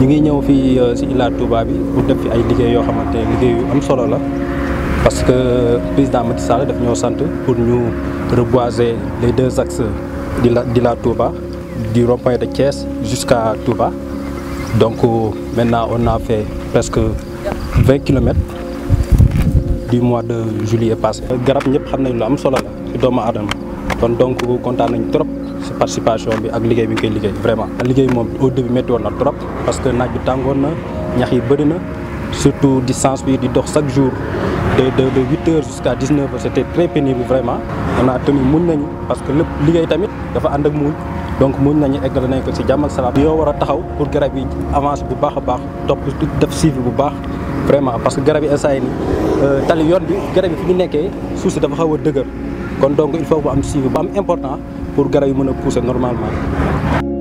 ñu ngi ñëw fii euh, si Ila Touba bi pour def fi ay liggéey yoo xamante ne liggéey yu am solo la parce que président Macky Sall daf ñoo sant pour ñu reboiser les deux axes la Touba du rond-point de Thiès jusqu'à Touba donc euh, maintenant on a fait presque 20 km du mois de juillet passé garab ñëpp xam nañ lu am solo la doomu aadama kon donc kontaan nañ trop si participation bi ak liguey bi nga liguey vraiment. liguey mom au début metti woon na trop parce que naaj bi tàngoon na ñax yi bëri na surtout distance bi di dox chaque jour de de de huit heures jusqu'à 19 h c'était très pénible vraiment. on a tenu mun nañu parce que le liguey tamit dafa and ak muñ donc mun nañu eggal nañ ko ci jàmm ak yo wara taxaw pour grave bi avance bu baax a baax top def suivi bu baax vraiment parce que garab yi ni euh, tali yoon bi grave bi fi ñu nekkee suuf dafa xawa a dëgër kon donc il faut bu am suivi bu am important. pour garab yi mën a pousser normalement